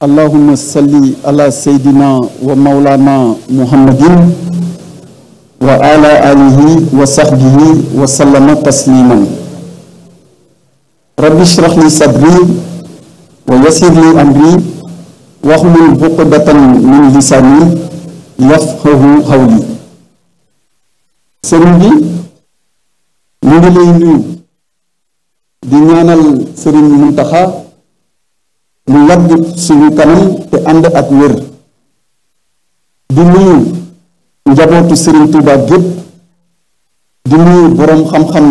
allahumma salli ala sayyidina wa mawlana muhammadin wa ala alihi wa sahbihi wa sallama tasliman rabbi shrah li sadri wa yassir li amri wahlul uqdatan min lisani yafqahu qawli sëriñ bi ñu ngi lay nuyu di ñaanal sëriñ Muntaxa mu yàgg suñu kanam te ànd ak wér di nuyu njabootu Serigne Touba gépp di nuyu boroom xam-xam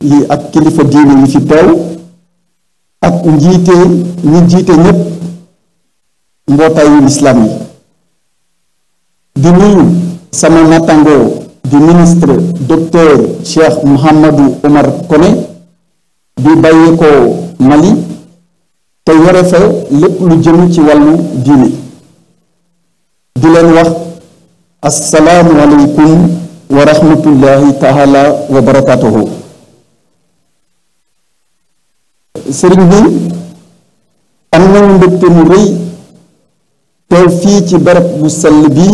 yi ak kilifa diine yi fi teew ak njiite ñi jiite ñépp mbootaayu lislaam yi di nuyu sama nattango di ministre docteur Cheikh Mouhamadou Omar Kone bi bàyyeekoo Mali te yore fa lépp lu jëm ci wàllu diine di leen wax assalaamu aleykum wa rahmatullahi taala sëriñ bi am nañu mbégte mu rëy teew fii ci barab bu sell bi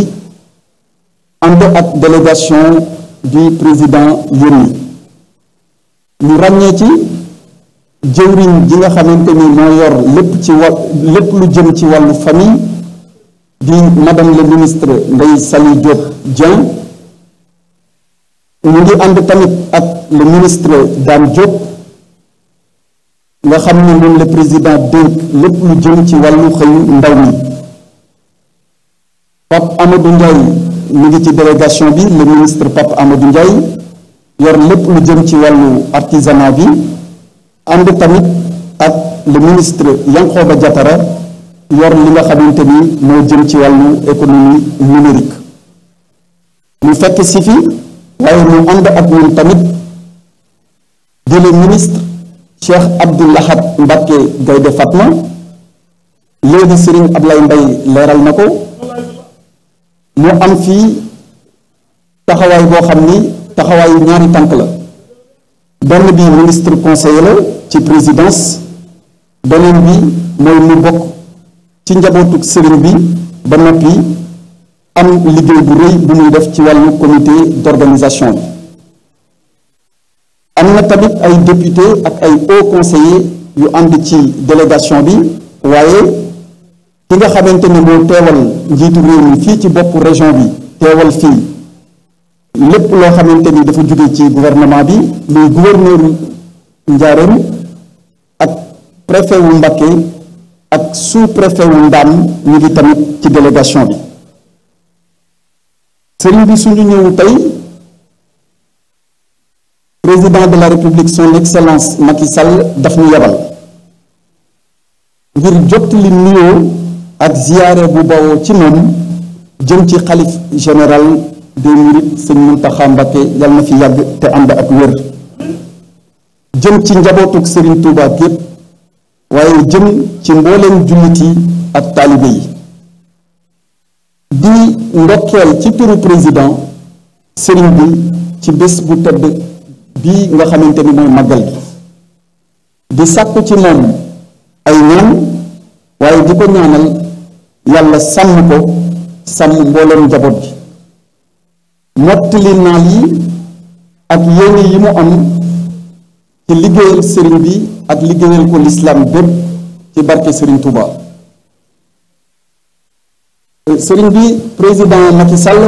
ànd ak délégation du président yénni ñu ràññee ci jëwriñ ji nga xamante ni moo yor lépp ci lépp lu jëm ci wàllu famille di madame le ministre Ndeye Saly Diop Dieng mu ngi ànd tamit ak le ministre Dame Diop nga xam ne moom le président dénk lépp lu jëm ci wàllu xëyu ndaw mi Pape Amadou Ndiaye mu ngi ci délégation bi le ministre Pape Amadou Ndiaye yor lépp lu jëm ci wàllu artisanat bi ànd tamit ak le ministre Yankhoba jatara yor li nga xamante ni moo jëm ci wàllu économie numérique mu fekk si fi waaye mu ànd ak ñun tamit di le ministre Cheikh Abdou Lahad Mbacké Gaïndé Fatma léegi Serigne Ablaye mbay leeral na ko mu am fii taxawaay boo xam ni taxawaayu ñaari tànk la benn bi ministre conseiller la ci présidence beneen bi mooy mu bokk ci njabootu sëriñ bi ba noppi am liggéey bu rëy bu muy def ci wàllu comité d'organisation bi am na tamit ay député ak ay hauts conseillers yu ànd ci délégation bi waaye ki nga xamante ne moo teewal njiitu réew mi fii ci bopp région bi teewal fii lépp loo xamante ni dafa jóge ci gouvernement bi muy gouverneur Njaaréem ak préfet wu Mbacké ak sous préfet wu Ndaam ñu ngi tamit ci délégation bi sëriñ bi suñu ñëw tey président de la république son excellence Macky Sall daf ñu yebal ngir jottali nuyoo ak ziyaare bu bawoo ci moom jëm ci xalif général des mourides sëñ Muntaxa Mbàkke na fi yàgg te ànd ak wér jëm ci njabootug Serigne Touba gépp waaye jëm ci mbooleem jullit yi ak taalibe yi di ndokkeel ci turu président Serigne bi ci bés bu tedd bi nga xamante ni mooy màggal gi di sàkku ci moom ay ñaan waaye di ko ñaanal yàlla sàmm ko sàmm mbooleem njaboot gi mottali naal yi ak yéene yi mu am ci liggéeyal sëriñ bi ak liggéeyal ko lislaam bépp ci barke sëriñ Touba sëriñ bi président Macky Sall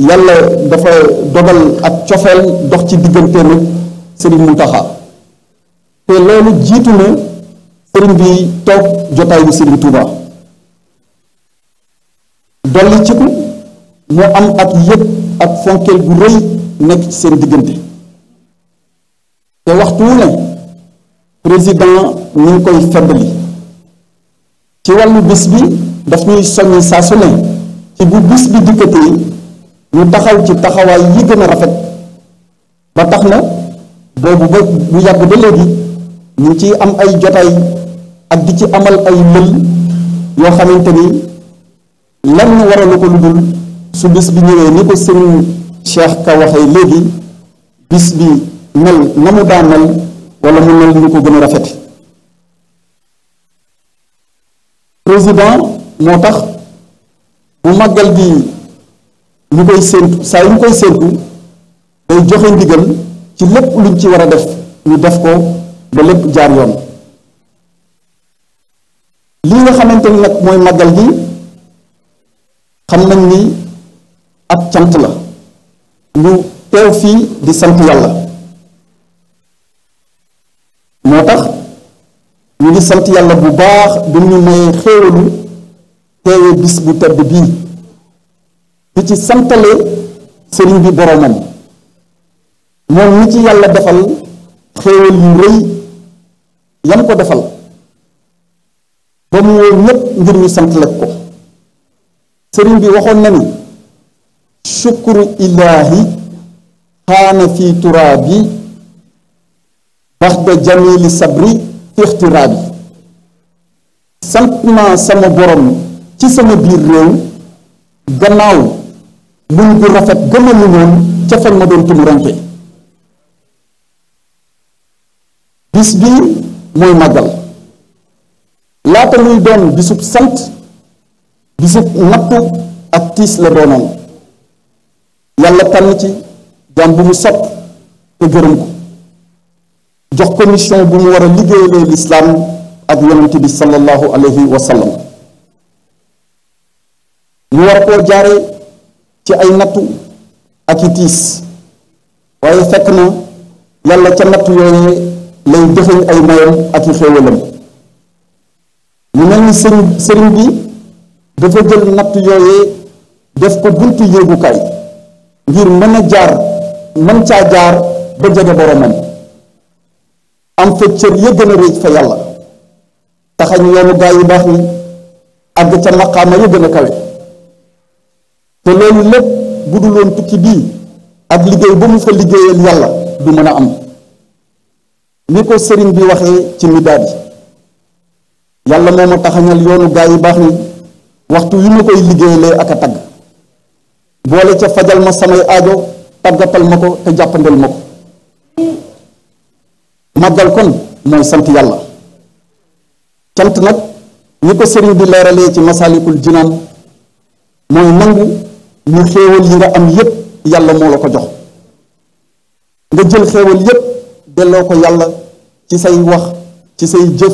yàlla dafa dogal ak cofeel dox ci diggante ak sëriñ Mountakha te loolu jiitu na sëriñ bi toog jotaay bu sëriñ Touba dolli ci ko mu am ak yëpp ak fonkeel gu rëy nekk ci seen diggante te waxtu wu ne président ñu ngi koy feddali ci wàllu bis bi daf ñuy soññ saa su ne ci bu bis bi dikkatee ñu taxaw ci taxawaay yi gën a rafet ba tax na boobu ba bu yàgg ba léegi ñu ci am ay jotaay ak di ci amal ay lël yoo xamante ni lan waralu ko lu dul su bis bi ñëwee ni ko sëriñ Cheikh Ka waxee léegi bis bi mel na mu daa mel wala mu mel ni ko gën a rafet président moo tax bu màggal gi ñu koy séentu saa yu ñu koy séentu day joxe ndigal ci lépp luñ ci war a def ñu def ko ba lépp jaar yoon li nga xamante ni nag mooy màggal gi xam nañ ni ak cant la ñu teew fii di sant yàlla moo tax ñu ngi sant yàlla bu baax bi ñu may xéewalu teewee bis bu tedd bii di ci santale sëriñ bi boromam moom ni ci yàlla defal xéewal yu rëy yam ko defal ba mu woo ñépp ngir ñu sant ko sëriñ bi waxoon na ni shukru ilaahi xaana fi turaabi baxda jamili sabri fi ixtiraabi sant naa sama borom ci sama biir réew gannaaw muñ gu rafet gëma ca fañ ma doon tumurante bis bi mooy màggal laata muy doon bisub sant bisub nattu ak tiis la doonoon yàlla tànn ci jaam bu mu sopp te gërëm ko jox ko bu mu war a liggéeyalee lislaam ak yonent bi sallallahu alayhi wa sallam mu war koo jaare ci ay nattu ak i tiis waaye fekk na yàlla ca nattu yooyee lay dëxëñ ay mayam ak i xéewalam mu mel ni sëriñ sëriñ bi dafa jël nattu yooyee def ko buntu yéegukaay ngir mën a jaar mën caa jaar ba jege boromam am fa cër ya gën a réej fa yàlla taxañ yoonu gaa yu baax ni àgg ca maqaama ya gën a kawe te loolu lépp bu dul woon tukki bii ak liggéey ba mu fa liggéeyal yàlla du mën a am ni ko sëriñ bi waxee ci midaadi yàlla moo ma taxañal yoonu gaa yu baax ni waxtu yu ma koy liggéeyalee ak a tagg boole ca fajal ma samay aajo tàggatal ma ko te jàppandel ma ko màggal kon mooy sant yàlla cant nag ñi ko sëriñ bi leeralee ci masaalikul jinaan mooy nangu ñu xéewal yi nga am yépp yàlla moo la ko jox nga jël xéewal yépp delloo ko yàlla ci say wax ci say jëf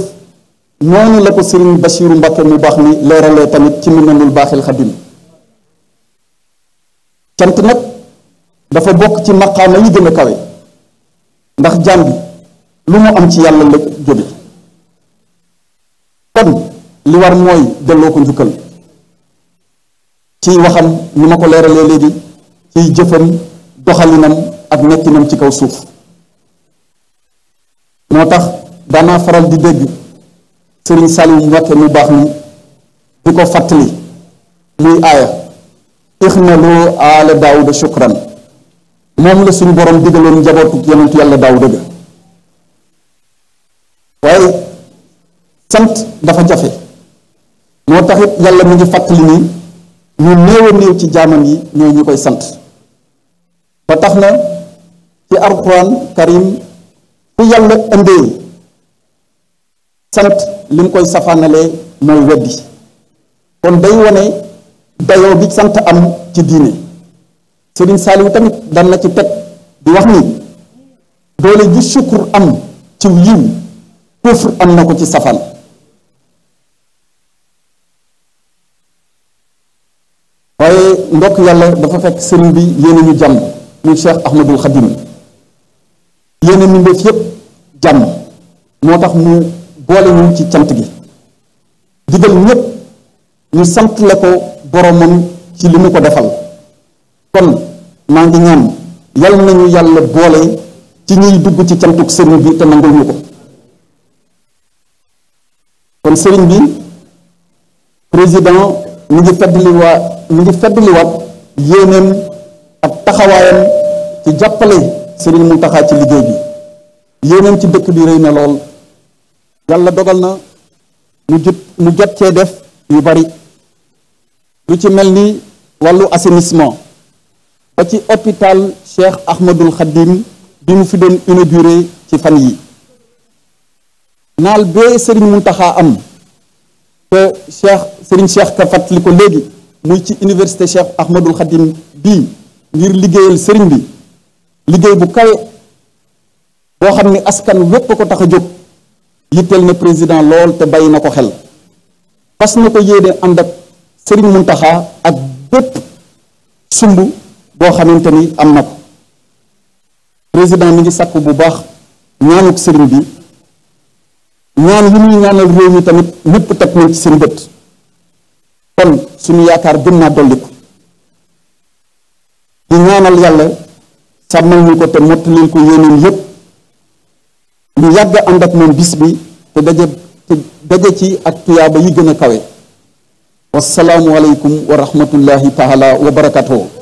noonu la ko sëriñ Basiiru Mbàkke mu baax mi leeralee tamit ci mbindamul baaxil xadim cant nag dafa bokk ci maqaama yi gën a kawe ndax jaam bi lu mu am ci yàlla la jóge kon li war mooy delloo ko njukkal ciy waxam ni ma ko leeralee léegi ciy jëfam doxalinam ak nekkinam ci kaw suuf moo tax daanaa faral di dégg sëriñ Saliou Mbacké mu baax ni di ko fàttali muy aaya ixmalu aala daawuda shukran moom la suñu borom digaloon njabootu yonentu yàlla daawuda ga waaye sant dafa jafe moo taxit yàlla mu ngi fàttali ni ñu néew néew ci jaamam yi ñooy ñu koy sant ba tax na ci alquran karim fu yàlla indee sant li koy safaanalee mooy weddi kon day wone dayoo bi sant am ci diine Serigne Saliou tamit daan na ci teg di wax ni doole ji sukkur am ci yiw kufr am na ko ci safal waaye ndokk yàlla dafa fekk sëriñ bi yéene ñu jàmm muy Cheikh Ahmadul Xadim yéene ñu def yépp jàmm moo tax mu boole ñu ci cant gi digal ñépp ñu sant ko boromam ci li mu ko defal kon maa ngi ñaan yal nañu yàlla boole ci ñuy dugg ci cantuk sëriñ bi te nangul ñu ko kon sëriñ bi président mi ngi feddliwaat mi ngi feddliwaat yéeneem ak taxawaayam ci jàppale sëriñ Muntaxa ci liggéey bi yéeneem ci dëkk bi rey na lool yàlla dogal na mu jot mu jot cee def yu bari lu ci mel ni wàllu assainissement ba ci hôpital Cheikh Ahmadul Khadim bi mu fi doon inauguré ci fan yi naal bee Serigne Mountakha am te Cheikh sëriñ Cheikh ka fàttali ko léegi muy ci université Cheikh Ahmadul Khadim bii ngir liggéeyal sëriñ bi liggéey bu kawe boo xam ni askan wépp ko tax a jóg yitteel na président lool te bàyyi na ko xel fas na ko yéene ànd ak Serigne Mountakha ak bët sumb boo xamante ni am na ko président mi ngi sakk bu baax ñaanuk Serigne bi ñaan yi muy ñaanal réew mi tamit ñëpp teg nañ ci seen bët kon suñu yaakaar gën naa dolliku di ñaanal yàlla sàmmal ñu ko te mottalil ko yéeneen yépp ñu yàgg ànd ak moom bis bi te daje ci ak tuyaaba yi gën a kawe wasalaamualeykum wa rahmatullahi taala wa barakatuhu